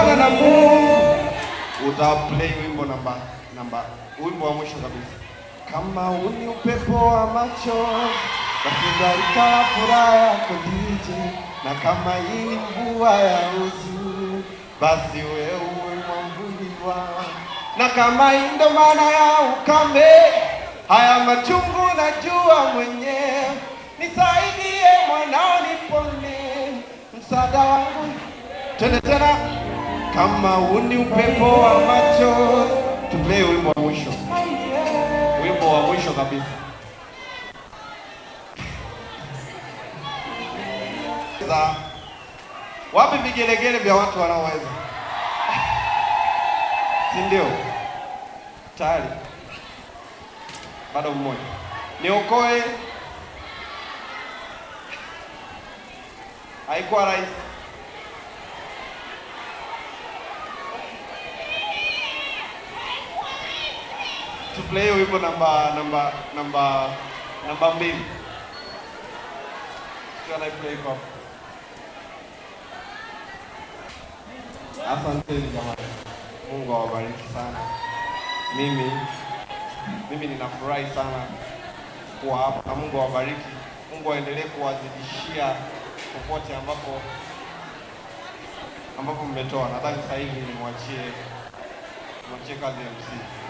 Ukigombana na Mungu utaplay wimbo namba namba, wimbo wa mwisho kabisa. Kama uni upepo wa macho basi furaha yako jije, na kama hii mvua ya uzuri basi wewe mwamvuli wa na kama hii ndo maana ya ukame haya machungu najua mwenyewe, nisaidie mwanao, nipone msaada wangu, tena tena kama uni upepo wa macho. Tuplee wimbo wa mwisho, wimbo wa mwisho kabisa. Wapi vigelegele vya watu wanaoweza, si ndio? Tayari bado mmoja, niokoe haikuwa rahisi. Sufle hiyo ipo namba namba namba namba mbili anaiplay kwa asanteni jamani, Mungu awabariki sana. Mimi mimi ninafurahi sana kuwa hapa na Mungu awabariki. Mungu aendelee kuwazidishia popote ambapo ambapo mmetoa. Nadhani sasa hivi nimwachie mwachie kazi ya msingi.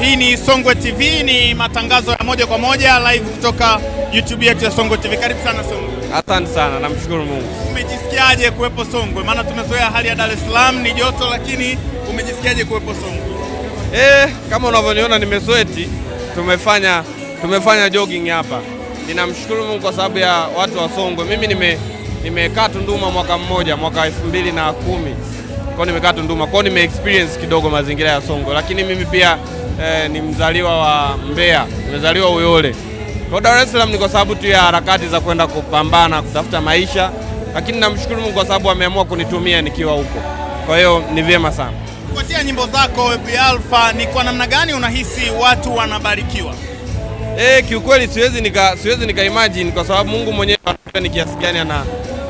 Hii ni Songwe TV, ni matangazo ya moja kwa moja live kutoka YouTube yetu ya Songwe TV. Karibu sana Songwe. Asante sana, namshukuru Mungu. Umejisikiaje kuwepo Songwe? Maana tumezoea hali ya Dar es Salaam ni joto, lakini umejisikiaje kuwepo Songwe? Eh, kama unavyoniona nimesweti, tumefanya tumefanya jogging hapa. Ninamshukuru Mungu kwa sababu ya watu wa Songwe. Mimi nime nimekaa Tunduma mwaka mmoja, mwaka elfu mbili na kumi kwao nimekaa Tunduma kwao, nime experience kidogo mazingira ya Songwe, lakini mimi pia eh, ni mzaliwa wa Mbeya, nimezaliwa Uyole. Kwa Dar es Salaam ni kwa sababu tu ya harakati za kwenda kupambana kutafuta maisha, lakini namshukuru Mungu kwa sababu ameamua kunitumia nikiwa huko, kwa hiyo ni vyema sana. Kufuatia nyimbo zako Bi Alpha, ni kwa namna gani unahisi watu wanabarikiwa? Eh, kiukweli siwezi nika siwezi nika imagine kwa sababu Mungu mwenyewe anajua ni kiasi gani ana,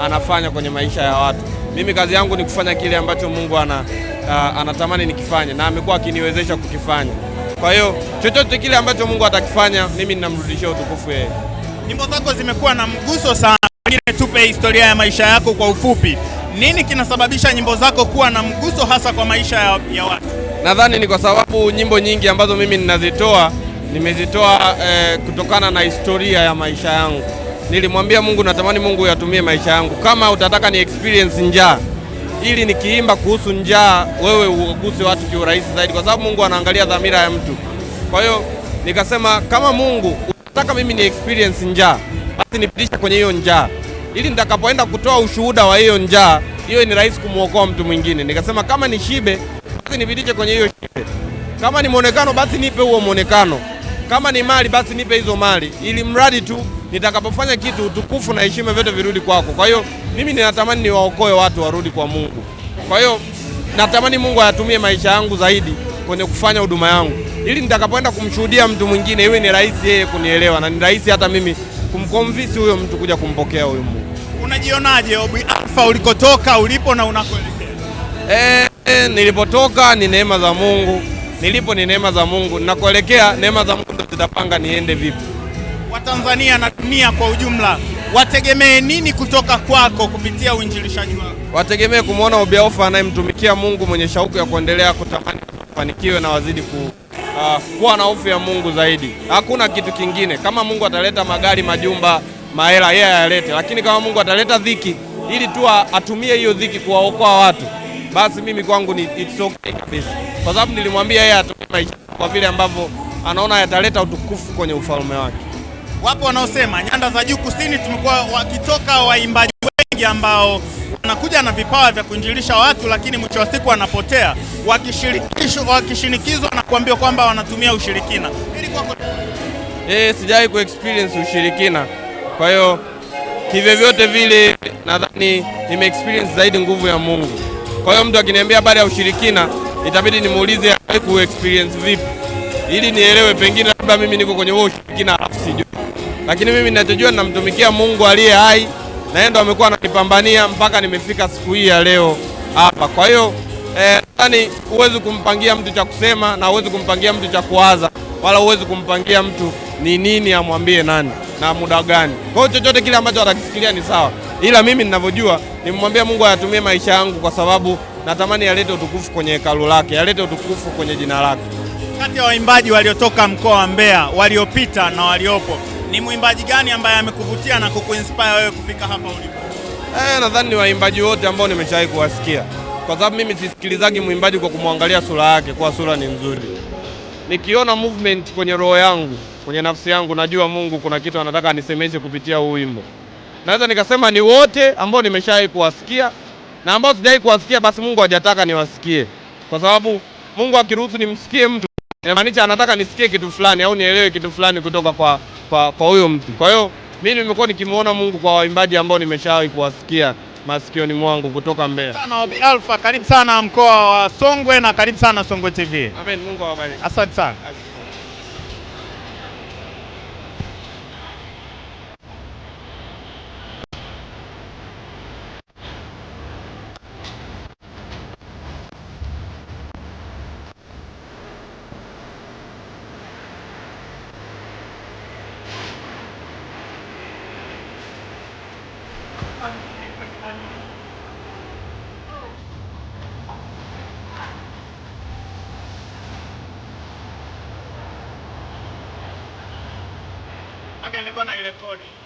anafanya kwenye maisha ya watu. Mimi kazi yangu ni kufanya kile ambacho Mungu ana, uh, anatamani nikifanye na amekuwa akiniwezesha kukifanya. Kwa hiyo chochote kile ambacho Mungu atakifanya, mimi ninamrudishia utukufu yeye. Nyimbo zako zimekuwa na mguso sana, pengine tupe historia ya maisha yako kwa ufupi. Nini kinasababisha nyimbo zako kuwa na mguso hasa kwa maisha ya, ya watu? Nadhani ni kwa sababu nyimbo nyingi ambazo mimi ninazitoa nimezitoa eh, kutokana na historia ya maisha yangu. Nilimwambia Mungu, natamani Mungu yatumie maisha yangu, kama utataka ni experience njaa ili nikiimba kuhusu njaa, wewe uguse watu kiurahisi zaidi, kwa sababu Mungu anaangalia dhamira ya mtu. Kwa hiyo nikasema kama Mungu unataka mimi ni experience njaa, basi nipitisha kwenye hiyo njaa, ili nitakapoenda kutoa ushuhuda wa hiyo njaa, hiyo ni rahisi kumwokoa mtu mwingine. Nikasema kama ni shibe, basi nipitishe kwenye hiyo shibe, kama ni mwonekano, basi nipe huo mwonekano. Kama ni mali basi nipe hizo mali, ili mradi tu nitakapofanya kitu utukufu na heshima vyote virudi kwako. Kwa hiyo mimi ninatamani niwaokoe watu warudi kwa Mungu. Kwa hiyo natamani Mungu ayatumie maisha yangu zaidi kwenye kufanya huduma yangu, ili nitakapoenda kumshuhudia mtu mwingine iwe ni rahisi yeye kunielewa na ni rahisi hata mimi kumkomvisi huyo mtu kuja kumpokea huyo Mungu. Unajionaje Obi Alfa, ulikotoka, ulipo na unakoelekea? Eh, eh, nilipotoka ni neema za Mungu nilipo ni neema za Mungu, nakuelekea neema za Mungu zitapanga niende vipi. Watanzania na dunia kwa ujumla wategemee nini kutoka kwako kupitia uinjilishaji wako? Wategemee kumwona Obiaofa anayemtumikia Mungu mwenye shauku ya kuendelea kutamani kufanikiwe na wazidi ku Uh, kuwa na hofu ya Mungu zaidi. Hakuna kitu kingine. Kama Mungu ataleta magari, majumba, mahela, yeye yeah, ayalete, lakini kama Mungu ataleta dhiki ili tu atumie hiyo dhiki kuwaokoa watu, basi mimi kwangu ni it's okay kabisa kwa sababu nilimwambia yeye atumie maisha kwa vile ambavyo anaona yataleta utukufu kwenye ufalme wake. Wapo wanaosema nyanda za juu kusini tumekuwa wakitoka waimbaji wengi ambao wanakuja na vipawa vya kuinjilisha watu, lakini mwisho wa siku wanapotea wakishinikizwa na kuambiwa kwamba wanatumia ushirikina. Ili kwako eh, sijawahi ku experience ushirikina, kwa hiyo kivyo vyote vile nadhani nime experience zaidi nguvu ya Mungu. Kwa hiyo mtu akiniambia habari ya ushirikina itabidi nimuulize yeye ku experience vipi, ili nielewe. Pengine labda mimi niko kwenye huo ushiriki alafu sijui, lakini mimi ninachojua ninamtumikia Mungu aliye hai, na yeye ndo amekuwa ananipambania mpaka nimefika siku hii ya leo hapa. Kwa hiyo eh, nadhani eh, huwezi kumpangia mtu cha kusema na huwezi kumpangia mtu cha kuwaza wala huwezi kumpangia mtu ni nini amwambie nani na muda gani. Kwa hiyo chochote kile ambacho atakisikilia ni sawa, ila mimi ninavyojua nimemwambia Mungu ayatumie maisha yangu kwa sababu natamani yalete utukufu kwenye hekalu lake, yalete utukufu kwenye jina lake. Kati ya waimbaji waliotoka mkoa wa Mbeya waliopita na waliopo, ni mwimbaji gani ambaye amekuvutia na kukuinspire wewe kufika hapa ulipo? Eh, nadhani ni waimbaji wote ambao nimeshawahi kuwasikia, kwa sababu mimi sisikilizagi mwimbaji kwa kumwangalia sura yake, kwa sura ni nzuri. Nikiona movement kwenye roho yangu, kwenye nafsi yangu, najua Mungu kuna kitu anataka anisemeshe kupitia huu wimbo. Naweza nikasema ni wote ambao nimeshawahi kuwasikia na ambao sijai kuwasikia, basi Mungu hajataka niwasikie, kwa sababu Mungu akiruhusu nimsikie mtu inamaanisha anataka nisikie kitu fulani au nielewe kitu fulani kutoka kwa kwa, kwa huyo mtu. Kwa hiyo mimi nimekuwa nikimuona Mungu kwa waimbaji ambao nimeshawahi kuwasikia masikioni mwangu kutoka Mbeya. Alfa, karibu sana mkoa wa Songwe na karibu sana Songwe TV. Amen, Mungu awabariki. Asante sana. money every month okay lepas nak kena